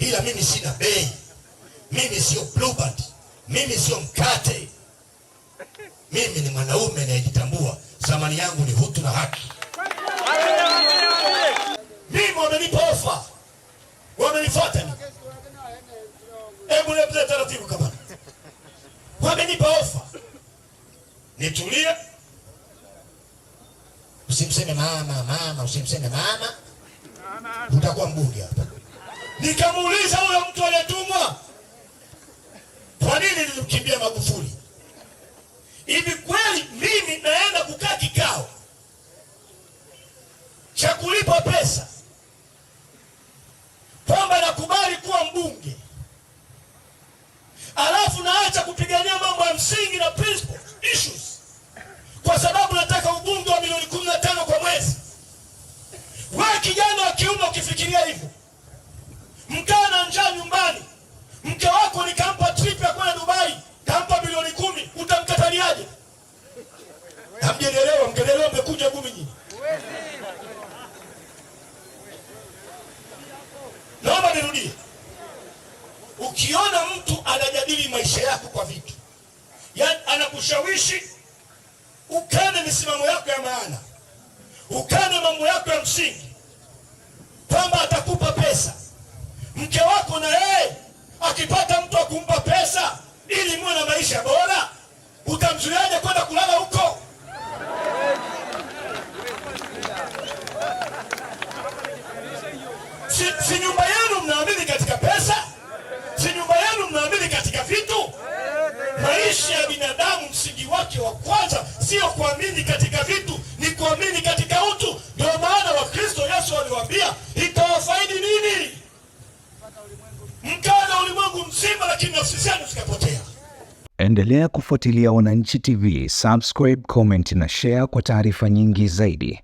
ila mimi sina bei, mimi sio Bluebird, mimi sio mkate, mimi ni mwanaume anayejitambua. Thamani yangu ni utu na haki. Mimi wamenipa ofa, wamenifuata hebu lete taratibu kama wamenipa ofa, nitulie. Usimseme mama mama, usimseme mama, utakuwa mbunge hapa. Nikamuuliza huyo mtu aliyetumwa, kwa nini nilimkimbia Magufuli? Hivi kweli mimi naenda kukaa kikao cha kulipa pesa kwamba nakubali kuwa mbunge alafu naacha kupigania mambo ya msingi na principle issues kwa sababu nataka ubunge wa milioni kumi na tano kwa mwezi? We kijana wa kiume ukifikiria hivyo njaa nyumbani, mke wako nikampa trip ya kwenda Dubai, kampa bilioni kumi, utamkataliaje? Hamjanielewa, mkenielewa, mmekuja kumi nyinyi. Naomba nirudie, ukiona mtu anajadili maisha yako kwa vitu, yaani anakushawishi ukane misimamo yako ya maana, ukane mambo yako ya msingi Mke wako na yeye akipata mtu akumpa pesa ili muwe na maisha bora, utamzuiaje kwenda kulala huko? Si, si nyumba yenu mnaamini katika pesa? Si nyumba yenu mnaamini katika vitu? Maisha ya binadamu msingi wake wa kwanza sio kuamini katika mkana ulimwengu mzima, lakini nafsi zenu zikapotea. Endelea kufuatilia Wananchi TV, subscribe, comment na share kwa taarifa nyingi zaidi.